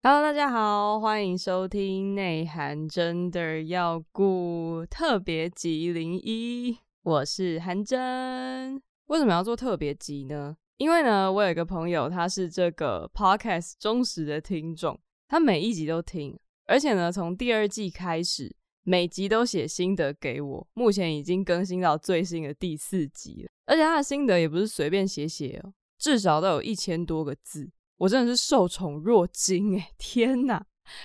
Hello，大家好，歡迎收聽《內涵真》的要故特別集零一，我是韓真。為什麼要做特別集呢？因為呢，我有一個朋友，他是這個 podcast 忠實的聽眾，他每一集都聽，而且呢，從第二季開始，每集都寫心得給我。目前已經更新到最新的第四集了，而且他的心得也不是隨便寫寫哦，至少都有一千多個字。我真的是受寵若驚哎，天哪！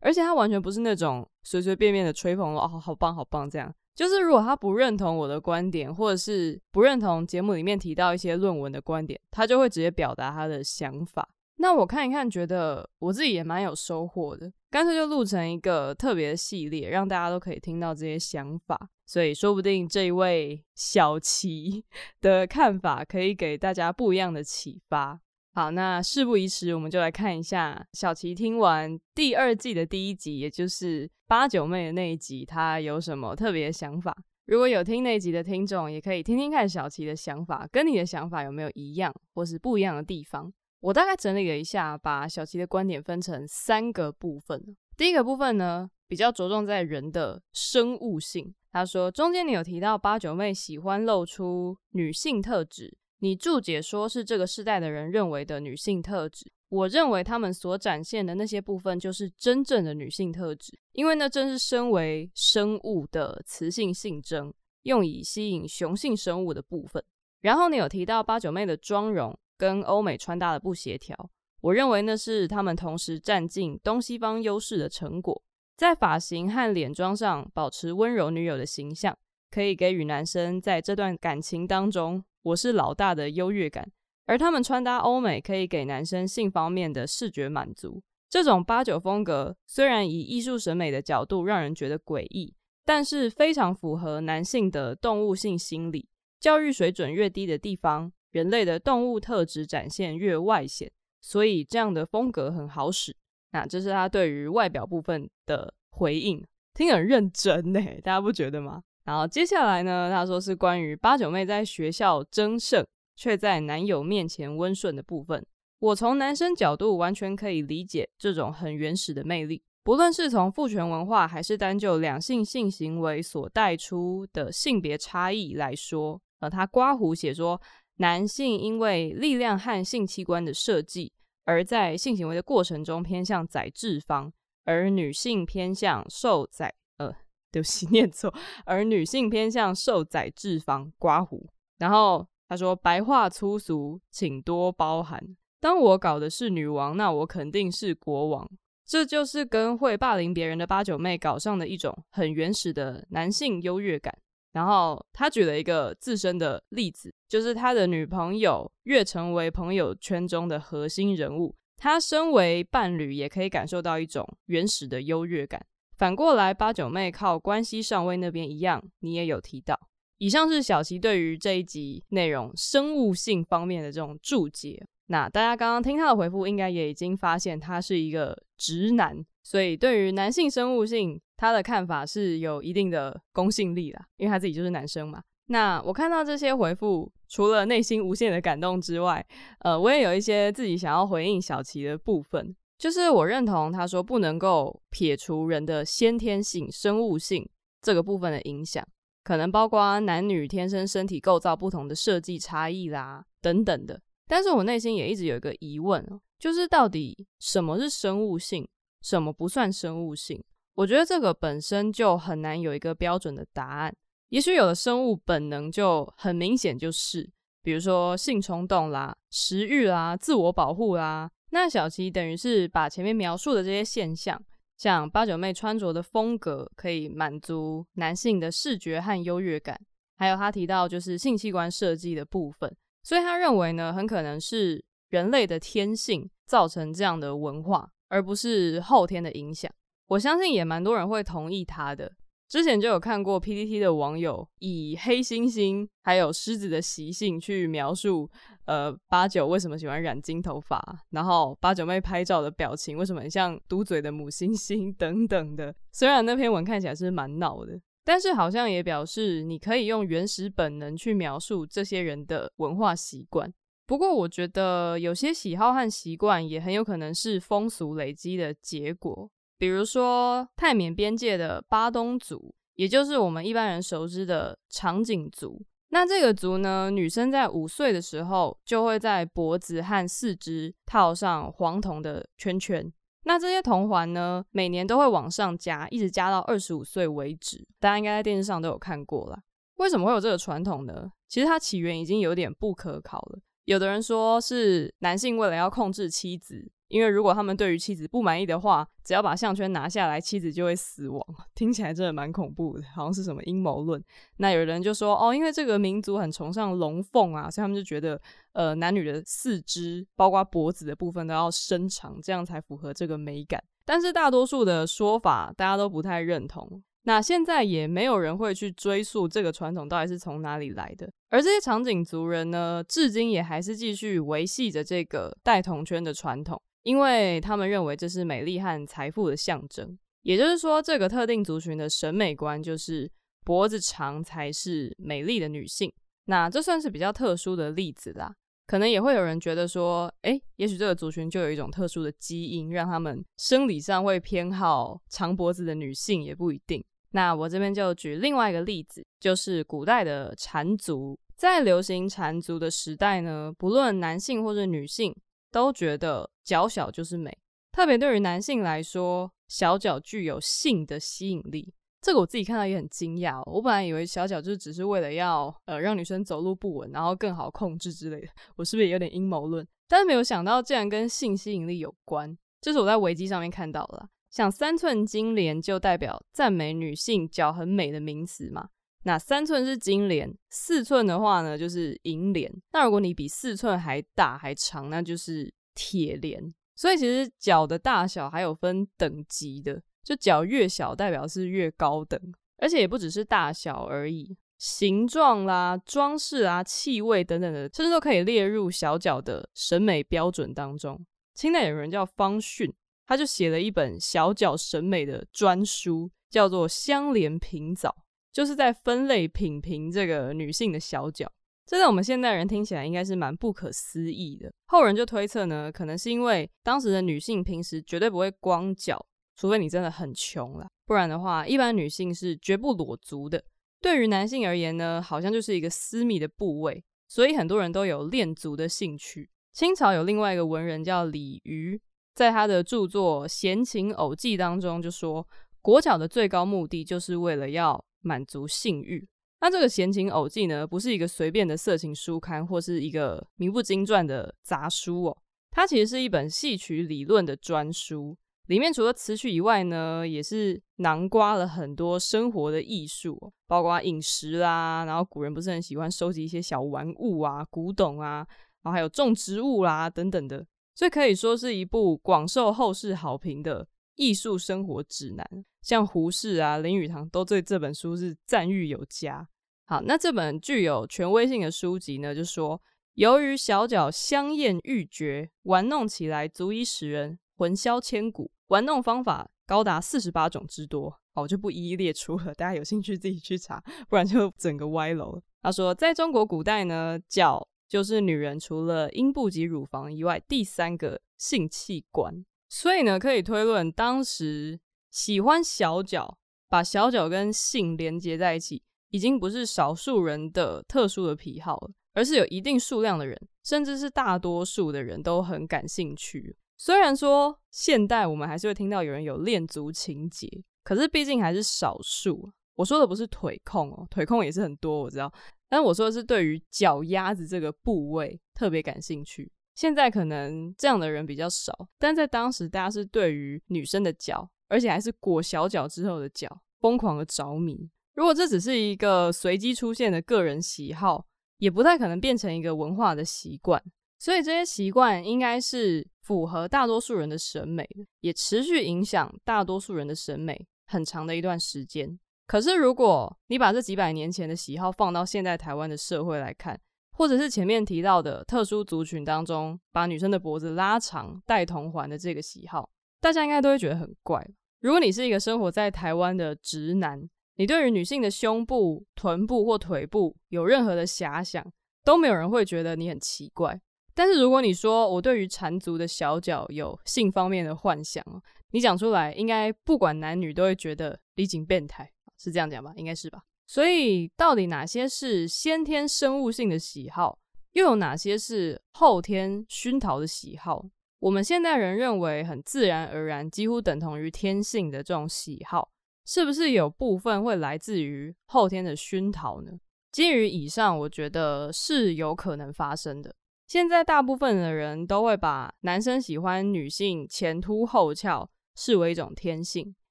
而且他完全不是那種隨隨便便，便的吹捧哦，好棒好棒這樣。就是如果他不認同我的觀點，或者是不認同節目裡面提到一些論文的觀點，他就會直接表達他的想法。那我看一看，覺得我自己也蠻有收穫的，乾脆就錄成一個特別的系列，讓大家都可以聽到這些想法。所以說不定這一位小祺的看法可以給大家不一樣的啟發。好，那事不宜遲，我們就來看一下小祺聽完第二季的第一集，也就是八九妹的那一集，他有什麼特別的想法。如果有聽那一集的聽眾，也可以聽聽看小祺的想法，跟你的想法有沒有一樣，或是不一樣的地方。我大概整理了一下，把小祺的觀點分成三個部分。第一個部分呢，比較着重在人的生物性。他說，中間你有提到八九妹喜歡露出女性特質。你注解說，是這個世代的人認為的女性特質。我認為他們所展現的那些部分，就是真正的女性特質，因為那正是身為生物的雌性性徵，用以吸引雄性生物的部分。然後你有提到八九妹的妝容跟歐美穿搭的不協調，我認為那是他們同時占盡東西方優勢的成果，在髮型和臉妝上保持溫柔女友的形象，可以給予男生在這段感情當中。我是老大的優越感，而他們穿搭歐美可以給男生性方面的視覺滿足。這種八九風格雖然以藝術審美的角度讓人覺得詭異，但是非常符合男性的動物性心理。教育水準越低的地方，人類的動物特質展現越外顯，所以這樣的風格很好使。那這是他對於外表部分的回應，聽很認真欸，大家不覺得嗎？然後接下來呢，他說是關於八九妹在學校爭勝，卻在男友面前溫順的部分。我從男生角度完全可以理解這種很原始的魅力。不論是從父權文化，還是單就兩性性行為所帶出的性別差異來說，呃，他刮胡寫說，男性因為力量和性器官的設計，而在性行為的過程中偏向宰制方，而女性偏向受宰，呃。就是念錯，而女性偏向瘦仔、脂肪刮鬍。然後他說白話粗俗，請多包涵。當我搞的是女王，那我肯定是國王。這就是跟會霸凌別人的八九妹搞上的一種很原始的男性優越感。然後他舉了一個自身的例子，就是他的女朋友越成為朋友圈中的核心人物，他身為伴侶也可以感受到一種原始的優越感。反過來，八九妹靠關係上位那邊一樣，你也有提到。以上是小祺對於這一集內容生物性方面的這種註解。那大家剛剛聽他的回復，應該也已經發現他是一個直男，所以對於男性生物性，他的看法是有一定的公信力啦，因為他自己就是男生嘛。那我看到這些回復，除了內心無限的感動之外，呃，我也有一些自己想要回應小祺的部分。就是我認同他說不能夠撇除人的先天性、生物性這個部分的影響，可能包括男女天生身體構造不同的設計差異啦等等的。但是我內心也一直有一個疑問喔，就是到底什麼是生物性，什麼不算生物性？我覺得這個本身就很難有一個標準的答案。也許有的生物本能就很明顯，就是比如說性衝動啦、食慾啦、自我保護啦。那小祺等於是把前面描述的這些現象，像八九妹穿着的風格可以滿足男性的視覺和優越感，還有他提到就是性器官設計的部分，所以他認為呢，很可能是人類的天性造成這樣的文化，而不是後天的影響。我相信也蠻多人會同意他的。之前就有看過 PTT 的網友以黑猩猩還有獅子的習性去描述。呃，八九為什麼喜歡染金頭髮？然後八九妹拍照的表情為什麼很像嘟嘴的母猩猩等等的？雖然那篇文看起來是蠻鬧的，但是好像也表示你可以用原始本能去描述這些人的文化習慣。不過我覺得有些喜好和習慣也很有可能是風俗累積的結果，比如說泰緬邊界的巴東族，也就是我們一般人熟知的長頸族。那這個族呢，女生在五歲的時候就會在脖子和四肢套上黃銅的圈圈。那這些銅環呢，每年都會往上加，一直加到二十五歲為止。大家應該在電視上都有看過啦。為什麼會有這個傳統呢？其實它起源已經有點不可考了。有的人說是男性為了要控制妻子。因為如果他們對於妻子不滿意的話，只要把項圈拿下來，妻子就會死亡。聽起來真的蠻恐怖的，好像是什麼陰謀論。那有人就說哦，因為這個民族很崇尚龍鳳啊，所以他們就覺得呃，男女的四肢包括脖子的部分都要伸長，這樣才符合這個美感。但是大多數的說法大家都不太認同。那現在也沒有人會去追溯這個傳統到底是從哪裡來的。而這些長頸族人呢，至今也還是繼續維繫着這個戴銅圈的傳統。因為他們認為這是美麗和財富的象徵，也就是說，這個特定族群的審美觀就是脖子長才是美麗的女性。那這算是比較特殊的例子啦。可能也會有人覺得說，哎，也許這個族群就有一種特殊的基因，讓他們生理上會偏好長脖子的女性，也不一定。那我這邊就舉另外一個例子，就是古代的纏足。在流行纏足的時代呢，不論男性或者女性都覺得腳小就是美，特別對於男性來說，小腳具有性的吸引力。這個我自己看到也很驚訝哦。我本來以為小腳就是只是為了要呃讓女生走路不穩，然後更好控制之類的。我是不是也有點陰謀論？但是沒有想到竟然跟性吸引力有關。這、就是我在維基上面看到了。像三寸金蓮就代表讚美女性腳很美的名詞嘛。那三寸是金蓮，四寸的話呢就是銀蓮。那如果你比四寸還大還長，那就是。鐵蓮，所以其實腳的大小還有分等級的，就腳越小代表是越高等，而且也不只是大小而已，形狀啦、裝飾啊、氣味等等的，甚至都可以列入小腳的審美標準當中。清代有人叫方絢，他就寫了一本小腳審美的專書，叫做《香蓮品藻》，就是在分類品評這個女性的小腳。這在我們現代人聽起來應該是蠻不可思議的。後人就推測呢，可能是因為當時的女性平時絕對不會光腳，除非你真的很窮啦。不然的話，一般女性是絕不裸足的。對於男性而言呢，好像就是一個私密的部位，所以很多人都有戀足的興趣。清朝有另外一個文人叫李漁，在他的著作《閒情偶寄》當中就說，裹腳的最高目的就是為了要滿足性慾。那這個《閒情偶寄》呢，不是一個隨便的色情書刊，或是一個名不經傳的雜書哦、喔。它其實是一本戲曲理論的專書，裡面除了詞曲以外呢，也是囊括了很多生活的藝術、喔，包括飲食啦，然後古人不是很喜歡收集一些小玩物啊、古董啊，然後還有種植物啦、啊、等等的。所以可以說是一部廣受後世好評的藝術生活指南。像胡適啊、林語堂都對這本書是讚譽有加。好，那這本具有權威性的書籍呢，就說由於小腳香豔欲絕，玩弄起來足以使人魂銷千古，玩弄方法高達四十八種之多。好、哦，我就不一一列出了，大家有興趣自己去查，不然就整個歪樓。他說，在中國古代呢，腳就是女人除了陰部及乳房以外第三個性器官，所以呢，可以推論當時喜歡小腳，把小腳跟性連接在一起。已經不是少數人的特殊的癖好了，而是有一定數量的人，甚至是大多數的人都很感興趣。雖然說現代我們還是會聽到有人有戀足情節，可是畢竟還是少數。我說的不是腿控哦，腿控也是很多，我知道。但我說的是對於腳丫子這個部位特別感興趣。現在可能這樣的人比較少，但在當時大家是對於女生的腳，而且還是裹小腳之後的腳，瘋狂的着迷。如果這只是一個隨機出現的個人喜好，也不太可能變成一個文化的習慣。所以這些習慣應該是符合大多數人的審美的，也持續影響大多數人的審美很長的一段時間。可是，如果你把這幾百年前的喜好放到現在台灣的社會來看，或者是前面提到的特殊族群當中，把女生的脖子拉長戴銅環的這個喜好，大家應該都會覺得很怪。如果你是一個生活在台灣的直男，你對於女性的胸部、臀部或腿部有任何的遐想，都沒有人會覺得你很奇怪。但是如果你說，我對於纏足的小腳有性方面的幻想，你講出來，應該不管男女都會覺得離經變態，是這樣講吧？應該是吧？所以到底哪些是先天生物性的喜好，又有哪些是後天熏陶的喜好？我們現代人認為很自然而然，幾乎等同於天性的這種喜好，是不是有部分會來自於後天的熏陶呢？基於以上，我覺得是有可能發生的。現在大部分的人都會把男生喜歡女性前凸後翹視為一種天性，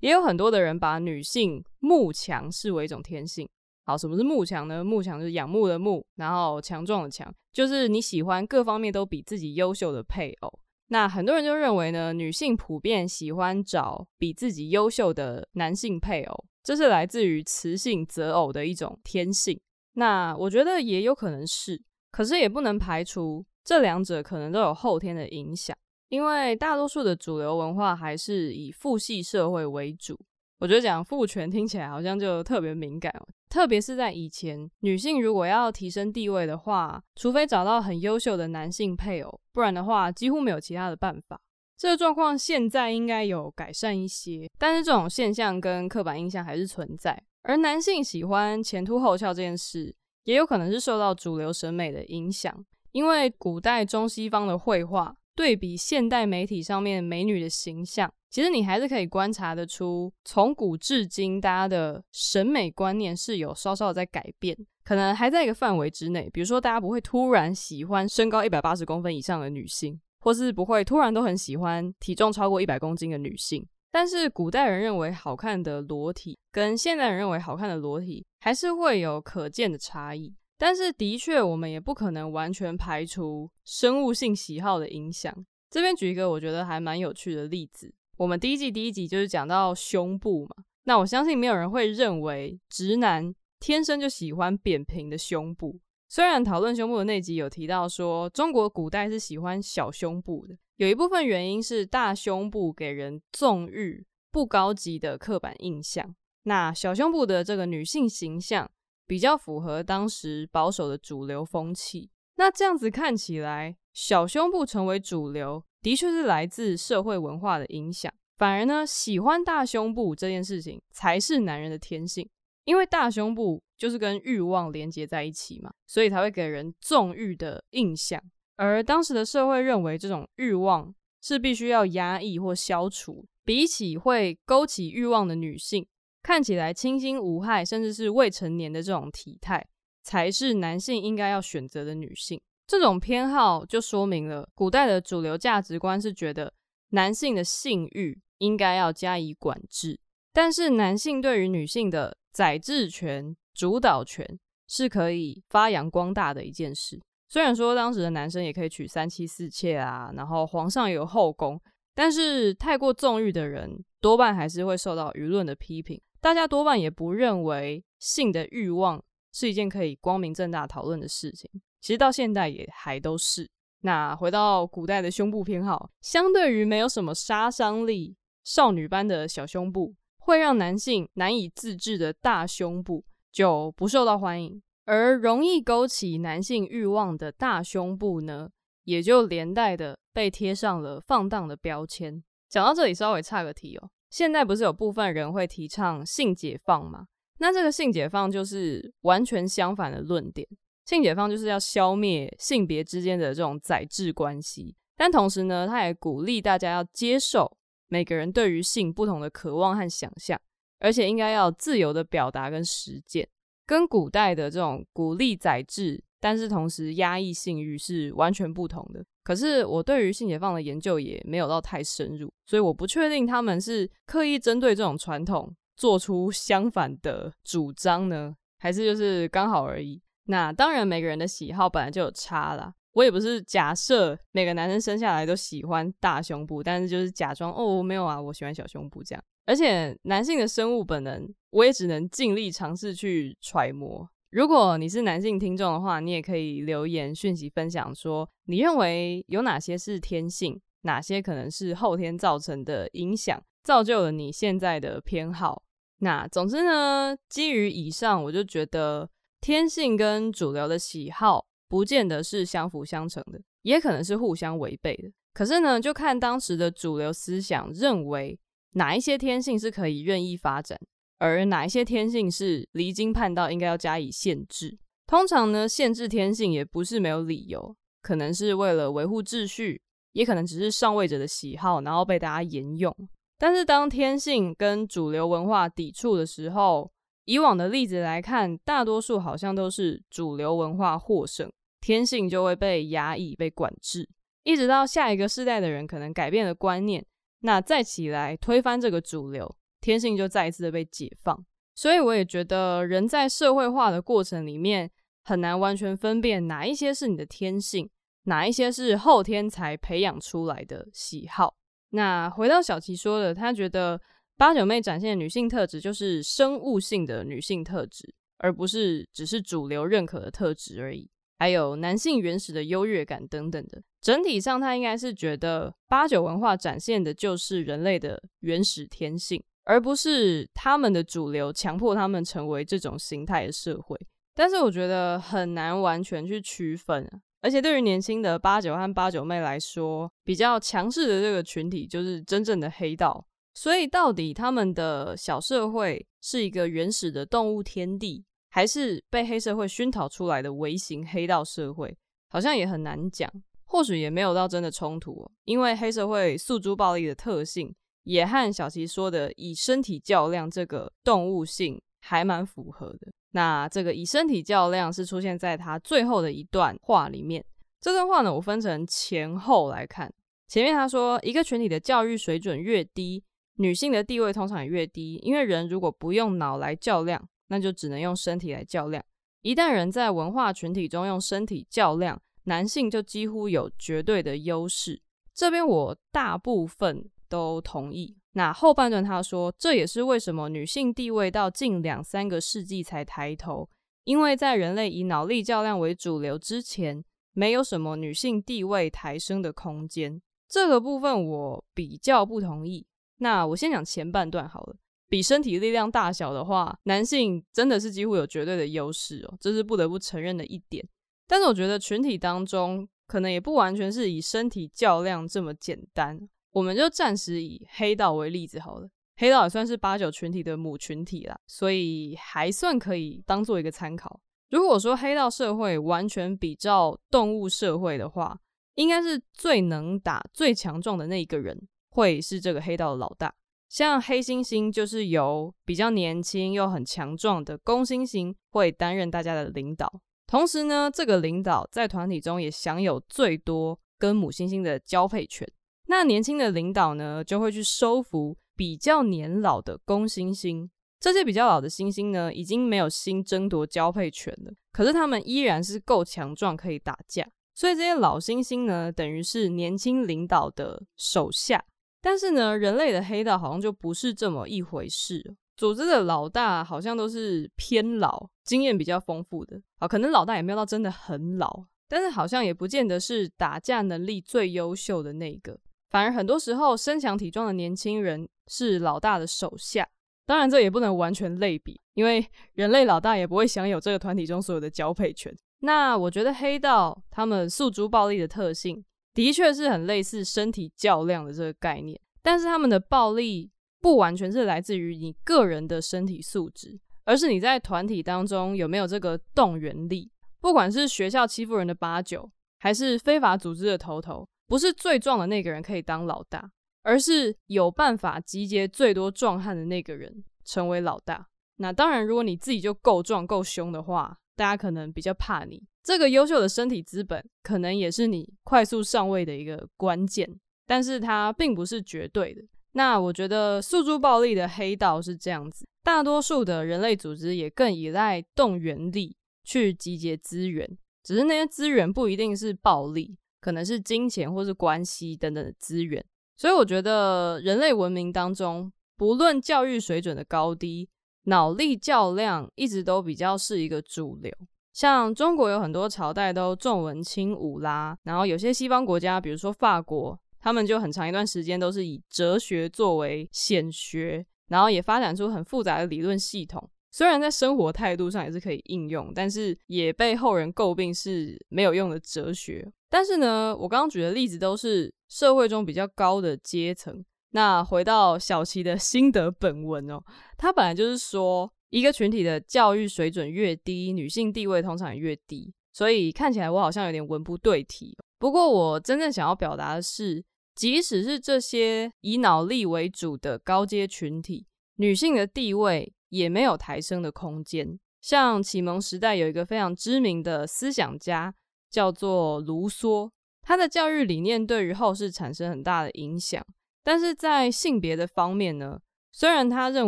也有很多的人把女性慕強視為一種天性。好，什麼是慕強呢？慕強就是仰慕的慕，然後強壯的強，就是你喜歡各方面都比自己優秀的配偶。那很多人就認為呢，女性普遍喜歡找比自己優秀的男性配偶，這是來自於雌性擇偶的一種天性。那我覺得也有可能是，可是也不能排除這兩者可能都有後天的影響，因為大多數的主流文化還是以父系社會為主。我覺得講父權聽起來好像就特別敏感、哦，特別是在以前，女性如果要提升地位的話，除非找到很優秀的男性配偶，不然的話幾乎沒有其他的辦法。這個狀況現在應該有改善一些，但是這種現象跟刻板印象還是存在。而男性喜歡前凸後翹這件事，也有可能是受到主流審美的影響，因為古代中西方的繪畫。對比現代媒體上面美女的形象，其實你還是可以觀察得出，從古至今大家的審美觀念是有稍稍的在改變，可能還在一個範圍之內。比如說，大家不會突然喜歡身高一百八十公分以上的女性，或是不會突然都很喜歡體重超過一百公斤的女性。但是，古代人認為好看的裸體跟現代人認為好看的裸體，還是會有可見的差異。但是的確，我們也不可能完全排除生物性喜好的影響。這邊舉一個我覺得還蠻有趣的例子，我們第一季第一集就是講到胸部嘛。那我相信沒有人會認為直男天生就喜歡扁平的胸部。雖然討論胸部的那集有提到說，中國古代是喜歡小胸部的，有一部分原因是大胸部給人縱欲不高級的刻板印象。那小胸部的這個女性形象，比較符合當時保守的主流風氣。那這樣子看起來，小胸部成為主流，的確是來自社會文化的影響。反而呢，喜歡大胸部這件事情，才是男人的天性，因為大胸部就是跟欲望連接在一起嘛，所以才會給人縱欲的印象。而當時的社會認為，這種欲望是必須要壓抑或消除，比起會勾起欲望的女性。看起來清新無害，甚至是未成年的這種體態，才是男性應該要選擇的女性。這種偏好就說明了，古代的主流價值觀是覺得男性的性欲應該要加以管制。但是，男性對於女性的宰制權、主導權是可以發揚光大的一件事。雖然說當時的男生也可以娶三妻四妾啊，然後皇上也有後宮，但是太過縱慾的人，多半還是會受到輿論的批評。大家多半也不認為性的欲望是一件可以光明正大討論的事情。其實到現代也還都是。那回到古代的胸部偏好，相對於沒有什麼殺傷力、少女般的小胸部，會讓男性難以自制的大胸部就不受到歡迎。而容易勾起男性欲望的大胸部呢，也就連帶的被貼上了放蕩的標籤。講到這裡，稍微岔個題哦。現在不是有部分人會提倡性解放嗎？那這個性解放就是完全相反的論點。性解放就是要消滅性別之間的這種宰制關係，但同時呢，他也鼓勵大家要接受每個人對於性不同的渴望和想象，而且應該要自由地表達跟實踐，跟古代的這種鼓勵宰制。但是同時壓抑性欲是完全不同的。可是我對於性解放的研究也沒有到太深入，所以我不確定他們是刻意針對這種傳統做出相反的主張呢，還是就是剛好而已。那當然每個人的喜好本來就有差啦。我也不是假設每個男人生，生下來都喜歡大胸部，但是就是假裝哦，沒有啊，我喜歡小胸部這樣。而且男性的生物本能，我也只能盡力嘗試去揣摩。如果你是男性聽眾的話，你也可以留言訊息分享，說你認為有哪些是天性，哪些可能是後天造成的影響，造就了你現在的偏好。那總之呢，基於以上，我就覺得天性跟主流的喜好不見得是相輔相成的，也可能是互相違背的。可是呢，就看當時的主流思想認為哪一些天性是可以任意發展。而哪一些天性是離經叛道，應該要加以限制？通常呢，限制天性也不是沒有理由，可能是為了維護秩序，也可能只是上位者的喜好，然後被大家沿用。但是當天性跟主流文化抵觸的時候，以往的例子來看，大多數好像都是主流文化獲勝，天性就會被壓抑、被管制，一直到下一個世代的人可能改變了觀念，那再起來推翻這個主流。天性就再一次的被解放，所以我也覺得人在社會化的過程裡面很難完全分辨哪一些是你的天性，哪一些是後天才培養出來的喜好。那回到小祺說的，他覺得八九妹展現的女性特質就是生物性的女性特質，而不是只是主流認可的特質而已。還有男性原始的優越感等等的，整體上他應該是覺得八九文化展現的就是人類的原始天性。而不是他們的主流強迫他們成為這種形態的社會，但是我覺得很難完全去區分啊。而且對於年輕的八九和八九妹來說，比較強勢的這個群體就是真正的黑道。所以到底他們的小社會是一個原始的動物天地，還是被黑社會熏陶出來的微型黑道社會，好像也很難講。或許也沒有到真的衝突啊，因為黑社會訴諸暴力的特性。也和小祺說的以身體較量這個動物性還蠻符合的。那這個以身體較量是出現在他最後的一段話裡面。這段話呢，我分成前後來看。前面他說，一個群體的教育水準越低，女性的地位通常也越低，因為人如果不用腦來較量，那就只能用身體來較量。一旦人在文化群體中用身體較量，男性就幾乎有絕對的優勢。這邊我大部分都同意。那後半段他說，這也是為什麼女性地位到近兩三個世紀才抬頭，因為在人類以腦力較量為主流之前，沒有什麼女性地位抬升的空間。這個部分我比較不同意。那我先講前半段好了。比身體力量大小的話，男性真的是幾乎有絕對的優勢哦，這是不得不承認的一點。但是我覺得群體當中可能也不完全是以身體較量這麼簡單。我們就暫時以黑道為例子好了，黑道也算是八九群體的母群體啦，所以還算可以當做一個參考。如果說黑道社會完全比照動物社會的話，應該是最能打、最強壯的那一個人會是這個黑道的老大。像黑猩猩就是由比較年輕又很強壯的公猩猩會擔任大家的領導，同時呢，這個領導在團體中也享有最多跟母猩猩的交配權。那年輕的領導呢，就會去收服比較年老的公猩猩。這些比較老的猩猩呢，已經沒有心爭奪交配權了。可是他們依然是夠強壯，可以打架。所以這些老猩猩呢，等於是年輕領導的手下。但是呢，人類的黑道好像就不是這麼一回事。組織的老大好像都是偏老，經驗比較豐富的。啊、哦，可能老大也沒有到真的很老，但是好像也不見得是打架能力最優秀的那一個。反而很多時候，身強體壯的年輕人是老大的手下。當然，這也不能完全類比，因為人類老大也不會享有這個團體中所有的交配權。那我覺得黑道他們訴諸暴力的特性，的確是很類似身體較量的這個概念。但是他們的暴力不完全是來自於你個人的身體素質，而是你在團體當中有沒有這個動員力。不管是學校欺負人的89，還是非法組織的頭頭。不是最壯的那個人可以當老大，而是有辦法集結最多壯漢的那個人成為老大。那當然，如果你自己就夠壯夠兇的話，大家可能比較怕你。這個優秀的身體資本，可能也是你快速上位的一個關鍵，但是它並不是絕對的。那我覺得，訴諸暴力的黑道是這樣子，大多數的人類組織也更依賴動員力去集結資源，只是那些資源不一定是暴力。可能是金錢或是關係等等的資源，所以我覺得人類文明當中，不論教育水準的高低，腦力較量一直都比較是一個主流。像中國有很多朝代都重文輕武啦，然後有些西方國家，比如說法國，他們就很長一段時間都是以哲學作為顯學，然後也發展出很複雜的理論系統。雖然在生活態度上也是可以應用，但是也被後人詬病是沒有用的哲學。但是呢，我剛剛舉的例子都是社會中比較高的階層。那回到小祺的心得本文哦，他本來就是說，一個群體的教育水準越低，女性地位通常也越低。所以看起來我好像有點文不對題。不過我真正想要表達的是，即使是這些以腦力為主的高階群體，女性的地位也沒有抬升的空間。像啟蒙時代有一個非常知名的思想家。叫做盧梭，他的教育理念對於後世產生很大的影響。但是在性別的方面呢，雖然他認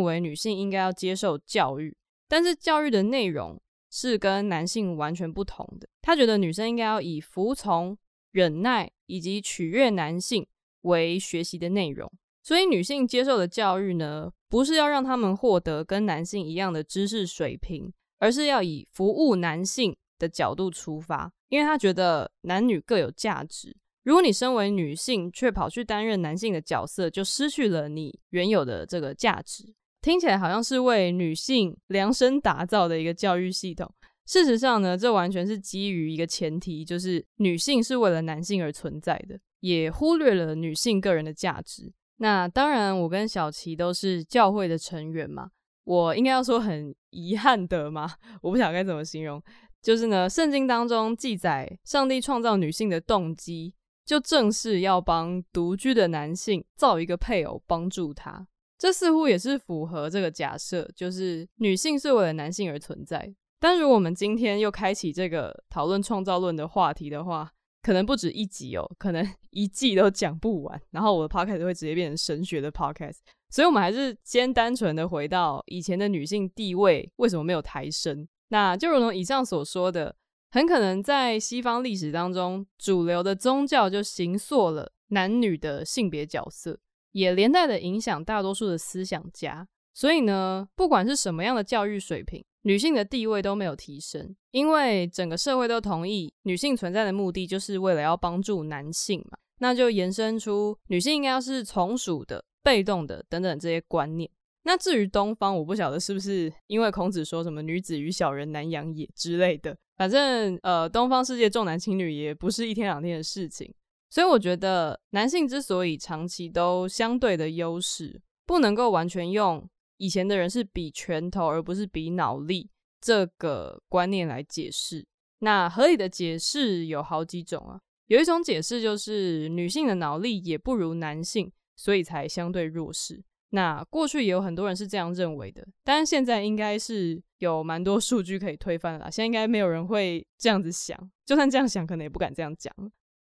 為女性應該要接受教育，但是教育的內容是跟男性完全不同的。他覺得女生應該要以服從、忍耐以及取悅男性為學習的內容，所以女性接受的教育呢，不是要讓他們獲得跟男性一樣的知識水平，而是要以服務男性的角度出發。因為他覺得男女各有價值。如果你身為女性卻跑去擔任男性的角色，就失去了你原有的這個價值。聽起來好像是為女性量身打造的一個教育系統。事實上呢，這完全是基於一個前提，就是女性是為了男性而存在的，也忽略了女性個人的價值。那當然，我跟小祺都是教會的成員嘛，我應該要說很遺憾的嘛，我不想該怎麼形容。就是呢，聖經當中記載，上帝創造女性的動機，就正是要幫獨居的男性造一個配偶幫助他。這似乎也是符合這個假設，就是女性是為了男性而存在。但如果我們今天又開啟這個討論創造論的話題的話，可能不止一集哦，可能一季都講不完。然後我的 podcast 會直接變成神學的 podcast。所以，我們還是先單純的回到以前的女性地位為什麼沒有抬升？那就如同以上所說的，很可能在西方歷史當中，主流的宗教就形塑了男女的性別角色，也連帶的影響大多數的思想家。所以呢，不管是什麼樣的教育水平，女性的地位都沒有提升，因為整個社會都同意女性存在的目的就是為了要幫助男性嘛。那就延伸出女性應該要是從屬的、被動的等等這些觀念。那至於東方，我不曉得是不是因為孔子說什麼“女子與小人難養也”之類的。反正呃，東方世界重男輕女也不是一天兩天的事情，所以我覺得男性之所以長期都相對的優勢，不能夠完全用以前的人是比拳頭而不是比腦力這個觀念來解釋。那合理的解釋有好幾種啊，有一種解釋就是女性的腦力也不如男性，所以才相對弱勢。那過去也有很多人是這樣認為的，當然現在應該是有蠻多數據可以推翻了啦。現在應該沒有人會這樣子想，就算這樣想，可能也不敢這樣講。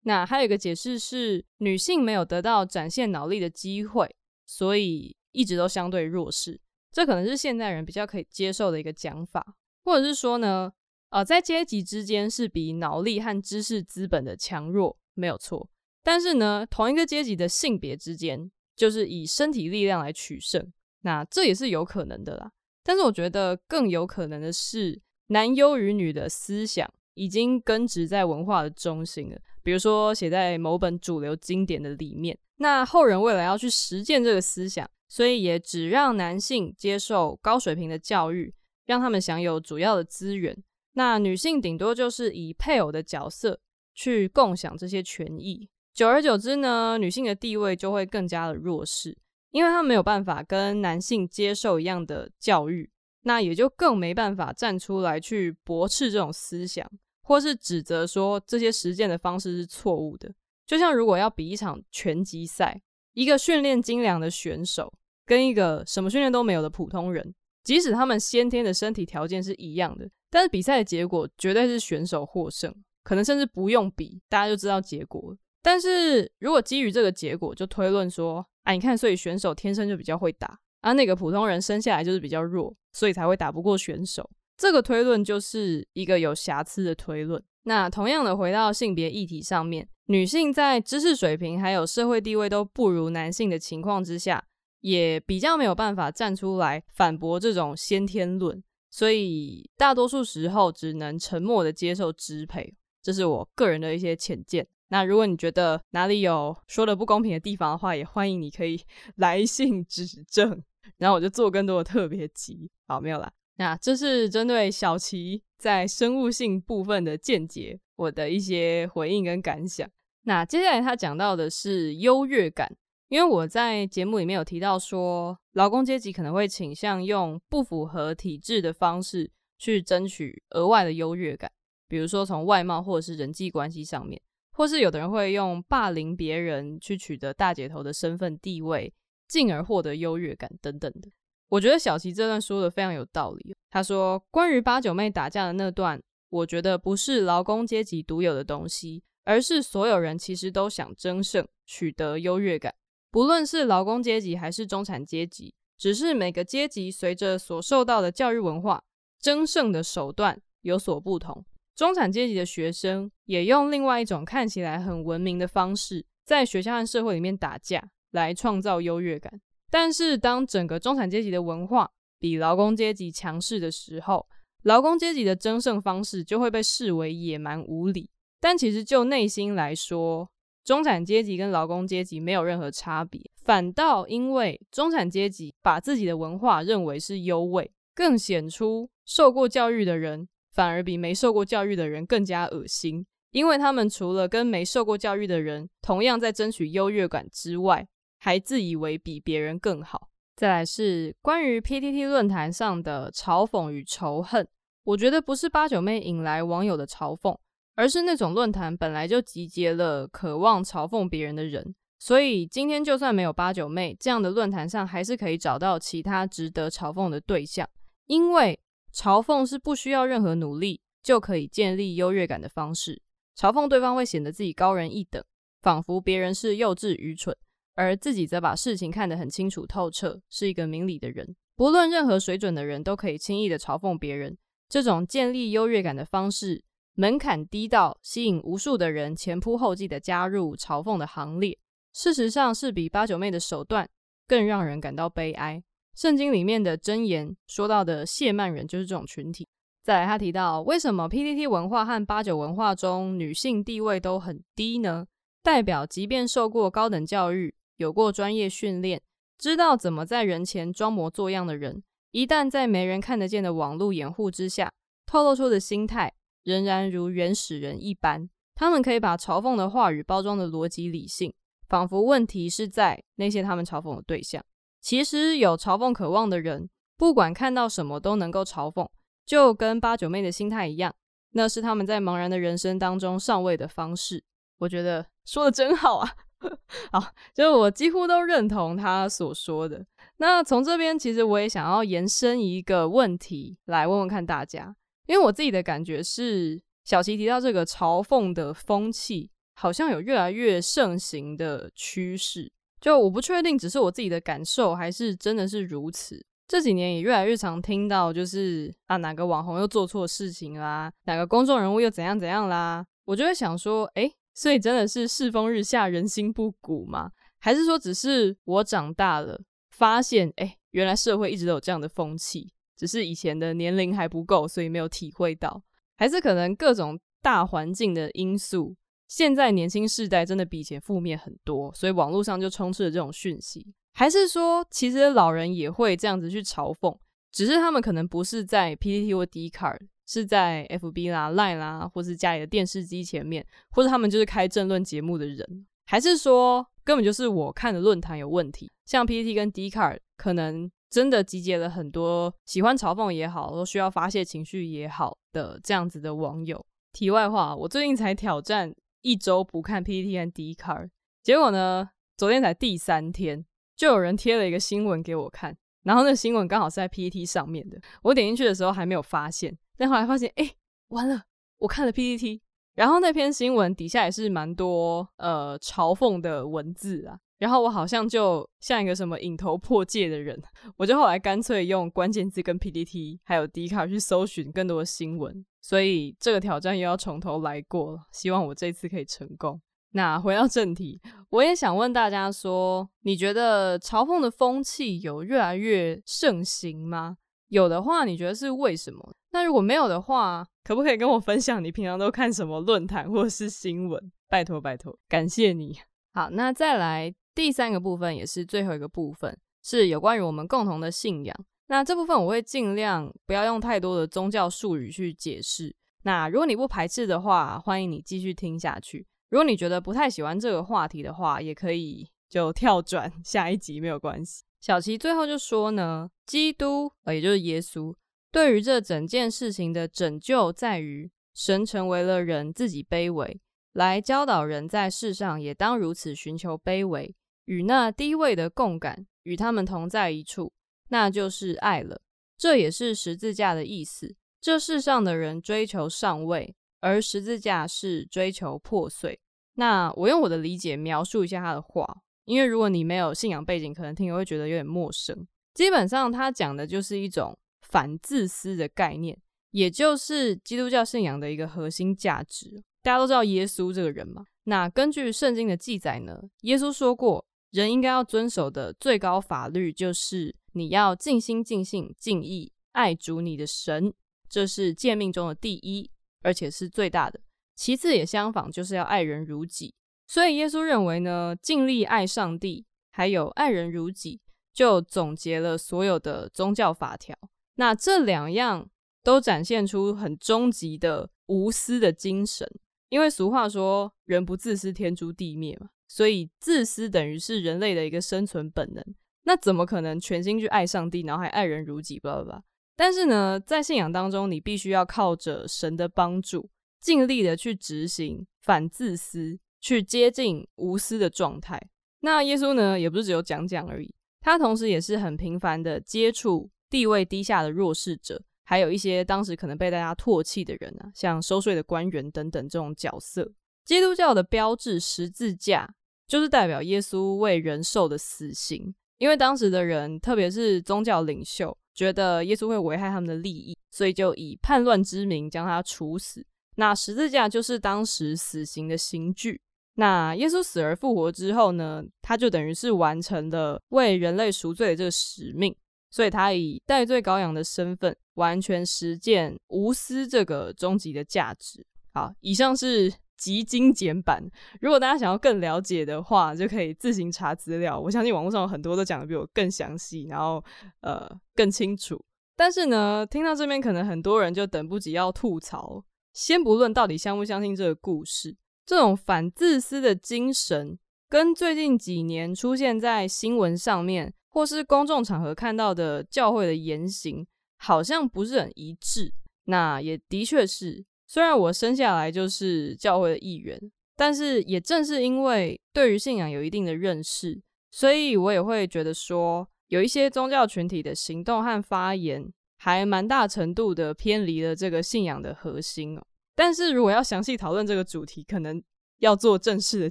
那還有一個解釋是，女性沒有得到展現腦力的機會，所以一直都相對弱勢。這可能是現代人比較可以接受的一個講法，或者是說呢，呃，在階級之間是比腦力和知識資本的強弱沒有錯，但是呢，同一個階級的性別之間。就是以身體力量來取勝，那這也是有可能的啦。但是我覺得更有可能的是，男優於女的思想已經根植在文化的中心了。比如說寫在某本主流經典的裡面，那後人為了要去實踐這個思想，所以也只讓男性接受高水平的教育，讓他們享有主要的資源。那女性頂多就是以配偶的角色去共享這些權益。久而久之呢，女性的地位就會更加的弱勢，因為她沒有辦法跟男性接受一樣的教育，那也就更沒辦法站出來去駁斥這種思想，或是指責說這些實踐的方式是錯誤的。就像如果要比一場拳擊賽，一個訓練精良的選手跟一個什麼訓練都沒有的普通人，即使他們先天的身體條件是一樣的，但是比賽的結果絕對是選手獲勝，可能甚至不用比，大家就知道結果了。但是如果基於這個結果就推論說，啊，你看，所以選手天生就比較會打啊，那個普通人生下來就是比較弱，所以才會打不過選手。這個推論就是一個有瑕疵的推論。那同樣的，回到性別議題上面，女性在知識水平還有社會地位都不如男性的情況之下，也比較沒有辦法站出來反駁這種先天論，所以大多數時候只能沉默地接受支配。這是我個人的一些淺見。那如果你覺得哪裡有說的不公平的地方的話，也歡迎你可以來信指正。然後我就做更多的特別集，好沒有啦。那這是針對小祺在生物性部分的見解，我的一些回應跟感想。那接下來他講到的是優越感，因為我在節目裡面有提到說，勞工階級可能會傾向用不符合體制的方式去爭取額外的優越感，比如說從外貌或者是人際關係上面。或是有的人會用霸凌別人去取得大姐頭的身份地位，進而獲得優越感等等的。我覺得小祺這段說的非常有道理哦。他說，關於八九妹打架的那段，我覺得不是勞工階級獨有的東西，而是所有人其實都想爭勝，取得優越感。不論是勞工階級還是中產階級，只是每個階級隨着所受到的教育文化，爭勝的手段有所不同。中產階級的學生也用另外一種看起來很文明的方式，在學校和社會裡面打架，來創造優越感。但是，當整個中產階級的文化比勞工階級強勢的時候，勞工階級的爭勝方式就會被視為野蠻無理。但其實，就內心來說，中產階級跟勞工階級沒有任何差別，反倒因為中產階級把自己的文化認為是優位，更顯出受過教育的人。反而比沒受過教育的人更加噁心，因為他們除了跟沒受過教育的人同樣在爭取優越感之外，還自以為比別人更好。再來是關於 PTT 論壇上的嘲諷與仇恨，我覺得不是八九妹引來網友的嘲諷，而是那種論壇本來就集結了渴望嘲諷別人的人，所以今天就算沒有八九妹這樣的論壇上，還是可以找到其他值得嘲諷的對象，因為。嘲諷是不需要任何努力就可以建立優越感的方式。嘲諷對方會顯得自己高人一等，仿佛別人是幼稚愚蠢，而自己則把事情看得很清楚透徹，是一個明理的人。不論任何水準的人都可以輕易的嘲諷別人，這種建立優越感的方式，門檻低到吸引無數的人前仆後繼的加入嘲諷的行列。事實上是比八九妹的手段更讓人感到悲哀。聖經裡面的箴言說到的褻慢人就是這種群體。再來，他提到為什麼 PTT 文化和八九文化中女性地位都很低呢？代表即便受過高等教育、有過專業訓練、知道怎麼在人前裝模作樣的人，一旦在沒人看得見的網絡掩護之下，透露出的心態仍然如原始人一般。他們可以把嘲諷的話語包裝的邏輯理性，仿佛問題是在那些他們嘲諷的對象。其實有嘲諷渴望的人，不管看到什麼都能夠嘲諷，就跟八九妹的心態一樣，那是他們在茫然的人生當中上位的方式。我覺得說的真好啊， 好，就是我幾乎都認同他所說的。那從這邊，其實我也想要延伸一個問題來問問看大家，因為我自己的感覺是，小祺提到這個嘲諷的風氣，好像有越來越盛行的趨勢。就我不確定，只是我自己的感受，還是真的是如此？這幾年也越來越常聽到，就是啊，哪個網紅又做錯事情啦，哪個公眾人物又怎樣怎樣啦，我就會想說，哎，所以真的是世風日下，人心不古嗎？還是說只是我長大了，發現哎，原來社會一直都有這樣的風氣，只是以前的年齡還不夠，所以沒有體會到，還是可能各種大環境的因素？現在年輕世代真的比以前負面很多，所以網絡上就充斥着這種訊息。還是說，其實老人也會這樣子去嘲諷，只是他們可能不是在 P T T 或 D Card，是在 F B 啦、Line 啦，或是家裡的電視機前面，或者他們就是開政論節目的人。還是說，根本就是我看的論壇有問題？像 P T T 跟 D Card，可能真的集結了很多喜歡嘲諷也好，或需要發洩情緒也好的這樣子的網友。題外話，我最近才挑戰。一周不看 PTT 和 D 卡，結果呢？昨天才第三天，就有人貼了一個新聞給我看，然後那個新聞剛好是在 PTT 上面的。我點進去的時候還沒有發現，但後來發現，哎、欸，完了，我看了 PTT，然後那篇新聞底下也是蠻多呃嘲諷的文字啊。然後我好像就像一個什麼引頭破戒的人，我就後來乾脆用關鍵字跟 PTT 還有 D 卡去搜尋更多的新聞。所以這個挑戰又要從頭來過了，希望我這次可以成功。那回到正題，我也想問大家說，你覺得嘲諷的風氣有越來越盛行嗎？有的話，你覺得是為什麼？那如果沒有的話，可不可以跟我分享你平常都看什麼論壇或者是新聞？拜托拜托，感謝你。好，那再來第三個部分，也是最後一個部分，是有關於我們共同的信仰。那這部分我會儘量不要用太多的宗教術語去解釋。那如果你不排斥的話，歡迎你繼續聽下去。如果你覺得不太喜歡這個話題的話，也可以就跳轉下一集，沒有關係。小祺最後就說呢，基督，也就是耶穌，對於這整件事情的拯救，在於神成為了人，自己卑微，來教導人在世上也當如此尋求卑微，與那低位的共感，與他們同在一處。那就是愛了，這也是十字架的意思。這世上的人追求上位，而十字架是追求破碎。那我用我的理解描述一下他的話，因為如果你沒有信仰背景，可能聽了會覺得有點陌生。基本上他講的就是一種反自私的概念，也就是基督教信仰的一個核心價值。大家都知道耶穌這個人嘛，那根據聖經的記載呢，耶穌說過，人應該要遵守的最高法律就是。你要盡心、盡性、盡意愛主你的神，這是誡命中的第一，而且是最大的。其次也相仿，就是要愛人如己。所以耶穌認為呢，盡力愛上帝，還有愛人如己，就總結了所有的宗教法條。那這兩樣都展現出很終極的無私的精神，因為俗話說“人不自私，天誅地滅”嘛。所以自私等於是人類的一個生存本能。那怎麼可能全心去愛上帝，然後還愛人如己？不知道吧。但是呢，在信仰當中，你必須要靠着神的幫助，盡力的去執行反自私，去接近無私的狀態。那耶穌呢，也不是只有講講而已，他同時也是很頻繁的接觸地位低下的弱勢者，還有一些當時可能被大家唾棄的人啊，像收稅的官員等等這種角色。基督教的標誌十字架，就是代表耶穌為人受的死刑。因為當時的人，特別是宗教領袖，覺得耶穌會危害他們的利益，所以就以叛亂之名將他處死。那十字架就是當時死刑的刑具。那耶穌死而復活之後呢，他就等於是完成了為人類贖罪的這個使命，所以他以代罪羔羊的身份，完全實踐無私這個終極的價值。好，以上是極精簡版。如果大家想要更了解的話，就可以自行查資料。我相信網絡上有很多都講得比我更詳細，然後呃更清楚。但是呢，聽到這邊可能很多人就等不及要吐槽。先不論到底相不相信這個故事，這種反自私的精神，跟最近幾年出現在新聞上面或是公眾場合看到的教會的言行，好像不是很一致。那也的確是。雖然我生下來就是教會的一員，但是也正是因為對於信仰有一定的認識，所以我也會覺得說，有一些宗教群體的行動和發言還蠻大程度的偏離了這個信仰的核心哦。但是如果要詳細討論這個主題，可能要做正式的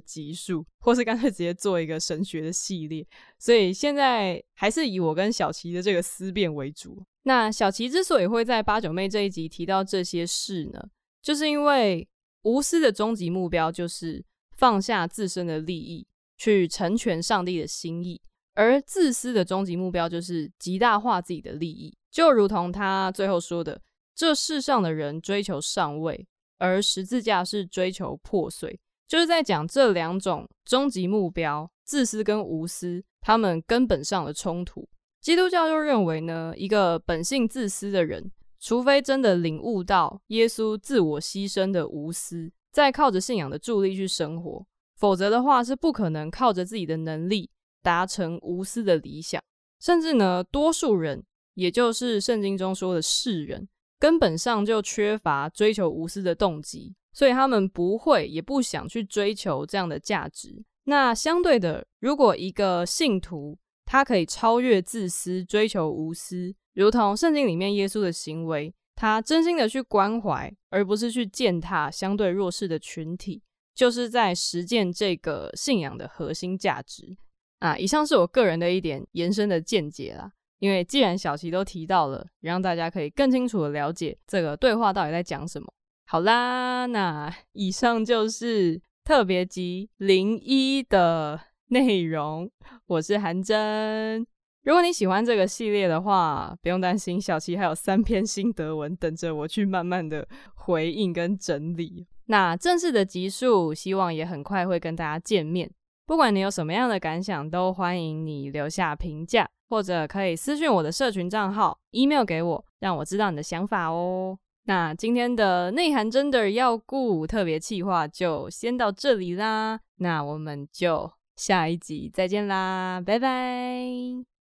集數，或是乾脆直接做一個神學的系列。所以現在還是以我跟小祺的這個思辨為主。那小祺之所以會在八九妹這一集提到這些事呢？就是因為無私的終極目標就是放下自身的利益，去成全上帝的心意；而自私的終極目標就是極大化自己的利益。就如同他最後說的：“這世上的人追求上位，而十字架是追求破碎。”就是在講這兩種終極目標——自私跟無私——他們根本上的衝突。基督教就認為呢，一個本性自私的人。除非真的領悟到耶穌自我犧牲的無私，再靠着信仰的助力去生活，否則的話是不可能靠着自己的能力達成無私的理想。甚至呢，多數人，也就是聖經中說的世人，根本上就缺乏追求無私的動機，所以他們不會也不想去追求這樣的價值。那相對的，如果一個信徒，他可以超越自私，追求無私，如同聖經裡面耶穌的行為，他真心的去關懷，而不是去踐踏相對弱勢的群體，就是在實踐這個信仰的核心價值啊。以上是我個人的一點延伸的見解啦，因為既然小祺都提到了，讓大家可以更清楚的了解這個對話到底在講什麼。好啦，那以上就是特別集零一的。內容，我是韓真。如果你喜歡這個系列的話，不用擔心，小祺還有三篇心得文等着我去慢慢的回應跟整理。那正式的集數，希望也很快會跟大家見面。不管你有什麼樣的感想，都歡迎你留下評價，或者可以私訊我的社群賬號，email 給我，讓我知道你的想法哦。那今天的內涵真的要顧特別企劃就先到這裡啦。那我們就。下一集再見啦，拜拜。